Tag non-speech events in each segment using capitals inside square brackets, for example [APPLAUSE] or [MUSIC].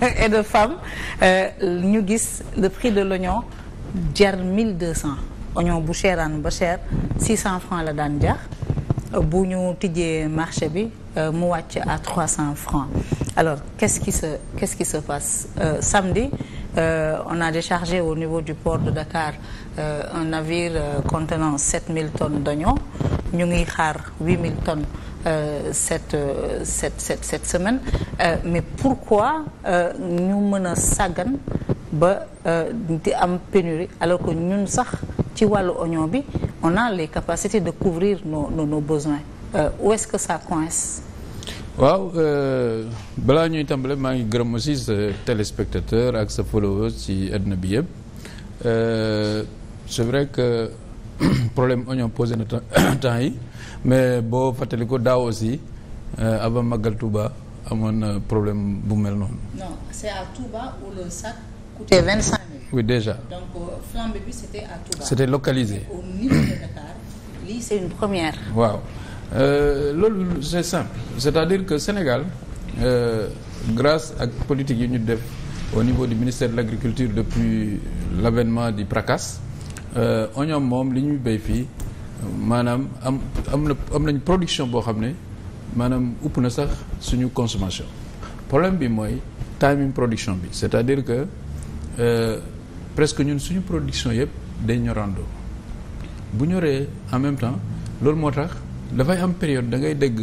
[LAUGHS] et de femmes euh, ñu gis le prix de l'oignon jar 1200 oignon bu cheraan ba cher 600 francs la daan jar bu ñu tijjee marché bi euh, mu wàcc à 300 francs alors qu'est-ce qui se qu'est-ce qui se passe euh, samedi euh, on a déchargé au niveau du port de Dakar euh, un navire euh, contenant 7000 tonnes d'oignons ñu ngi xaar 8000 tonnes euh, cette euh, cette cette cette semaine euh, mais pourquoi euh, ñu mën a saggan ba euh, di am pénurie alors que ñun sax ci wàllu oignon bi on a les capacité de couvrir nos nos, nos besoins où est-ce que ça coince. waaw balaa ñuy tàmbale maa ngi gërëm aussi sa téléspectateur ak sa followers ci àdduna bi yëpp c'est vrai que. [COUGHS] problème onion posé na [COUGHS] temps yi mais boo fàttali ko daaw aussi euh, avant Magal Touba amoon problème bu mel noonu. non c'est à Touba où le sac coûtait vingt déjà euh, c'était à Touba. c'est une première. waaw euh, loolu c'est simple c'est-à-dire que Sénégal euh, grâce ak politique yi ñu def au niveau du ministère de l'agriculture depuis l'avènement du PRACAS. Euh, oignon moom li ñuy béy fii maanaam am am na am nañ production boo xam ne maanaam upp na sax suñu consommation problème bi mooy timing production bi cest a dire que euh, presque ñun suñu production yëpp day ñorandoo bu ñoree en même temps loolu moo tax dafay am période da ngay dégg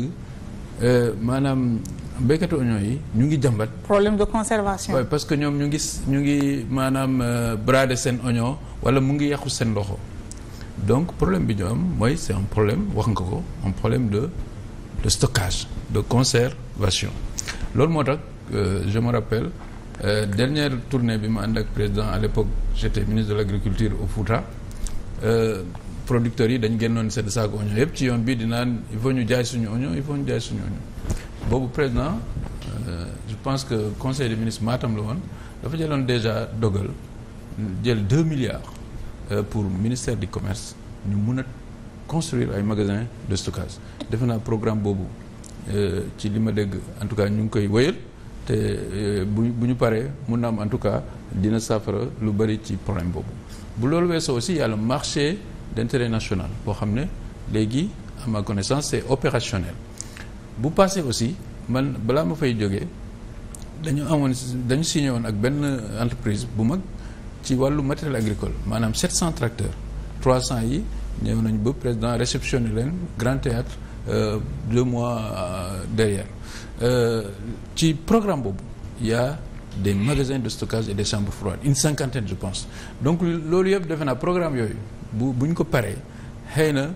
euh, maanaam béykatu oignon yi ñu ngi jàmbat. problème de conservation. oui parce que ñoom ñu ngi ñu ngi maanaam euh, brader seen oignon wala mu ngi yàqu seen loxo donc problème bi ñu am mooy c'est un problème wax nga ko un problème de de stockage de conservation. loolu moo tax euh, je me rappelle euh, dernière tournée bi ma ànd ak président à l'époque j'étais ministre de l'agriculture au Fouta euh, producteurs yi dañ génnoon seen saako oignon yëpp ci yoon bi di naan il faut ñu jaay suñu oignon il faut ñu boobu président euh, je pense que conseil des ministres tam la woon dafa jëloon déjà dogal jël deux milliards euh, pour ministère du commerce ñu mun a construire ay magasins de stockage defe naa programme boobu euh, ci li ma dégg en tout cas ñu ngi koy wéyal te bu bu ñu paree mun na am en tout cas dina saafara lu bari ci problème boobu. bu loolu weesoo aussi y marché d'intérêt national boo xam ne léegi à ma connaissance c'est opérationnel. bu passé aussi man balaa ma fay jógee dañu amoon dañu signé woon ak benn entreprise bu mag ci wàllu matériel agricole maanaam 700 trois 300 yi ñëw nañu ba président réceptionné leen grand théâtre euh, deux mois euh, derrière euh, ci programme boobu yaa des magasins de stockage et des chambres froides une cinquantaine je pense donc loolu yëpp defe naa programme yooyu bu bu ñu ko paree xëy na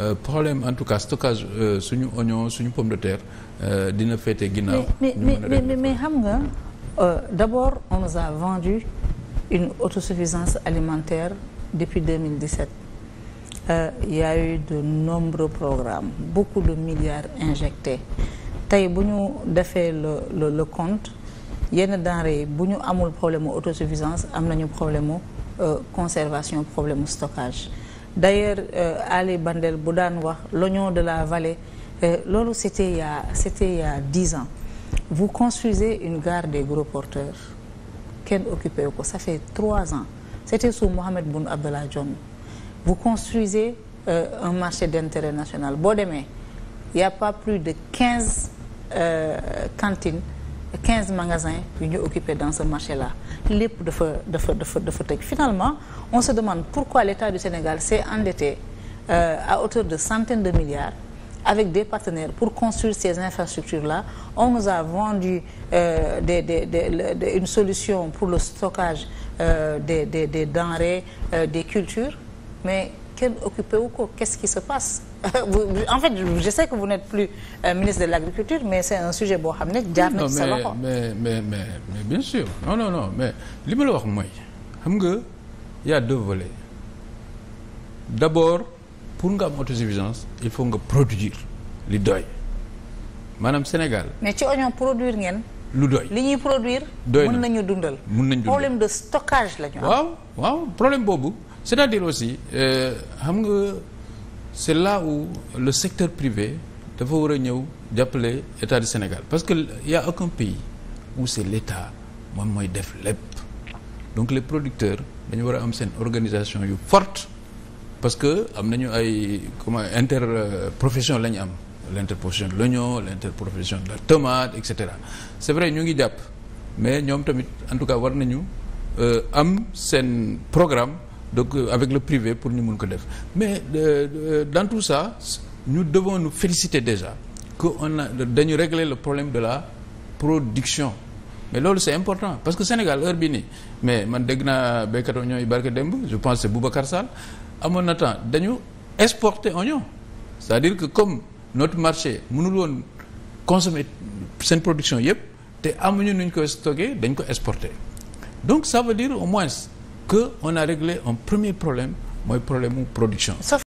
Euh, problème en tout cas stockage euh, suñu onion suñu pomme de terre euh, dina féete ginnaaw. mais mais xam nga euh, d'abord on nous a vendu une autosuffisance alimentaire depuis 2017 euh, il y a eu de nombreux programmes beaucoup de milliards injectés tey bu ñu defee le le le compte yenn denrées yi bu ñu amul problème mu autosuffisance am nañu problème mu conservation problème stockage. d'ailleurs euh, Ali Bandel bu daan wax l'oignon de la vallée euh, loolu c'était il y a c'était il y a dix ans vous construisez une gare des gros porteurs kenn occupé wu ko ça fait trois ans c'était sous Mohamed Boun Abdallah Dionne vous construisez euh, un marché d'intérêt national boo demee y a pas plus de quinze euh, cantines quinze magasins yu ñu occupé dans ce marché là lépp dafa dafa dafa dafa tëj finalement on se demande pourquoi l'État du Sénégal s'est endetté euh, à hauteur de centaines de milliards avec des partenaires pour construire ces infrastructures là on nous a vendu euh, des, des, des, des une solution pour le stockage euh, des des des denrées euh, des cultures mais kenn occupé wu ko qu'est-ce qui se passe [LAUGHS] en fait je sais que vous n'êtes plus euh, ministre de l'agriculture mais c'est un sujet boo xam ne jaar na ci sa loxo mais mais bien sûr non non non mais li ma la wax mooy xam nga y a deux volets d'abord pour nga am autosuffisance il faut nga produire li doy maanaam Sénégal. mais ci oignon produire ngeen. lu doy li ñuy produire. doy na mën nañu dundal. mën nañu dundal problème de stockage la ñu am. waaw problème boobu. c'est-à-dire aussi euh, xam nga c'est là où le secteur privé dafa war a ñëw jàppale état du Sénégal parce que y a aucun pays où c'est l'état moom mooy def lépp donc les producteurs dañu war a am seen organisation yu forte parce que am nañu ay comment interprofession la ñu am l'interprofession de l'oignon l'interprofession de la tomate et cetera c'est vrai ñu ngi jàpp mais ñoom tamit en tout cas war nañu euh, am seen programme donc euh, avec le privé pour ñu mun ko def mais euh, euh, dans tout ça nous devons nous féliciter déjà que on a dañu régler le problème de la production mais loolu c'est important parce que Sénégal heure bi ni mais man dégg naa béykat oignon yi barke démb je pense c'est Boubacar Sall amoon na temps dañu exporter oignon c'est-à-dire que comme notre marché mënul woon consommer seen production yëpp te amuñu nu ñu koy stocké dañ ko exporter donc ça veut dire au moins que on a réglé un premier problème mooy problème mu production.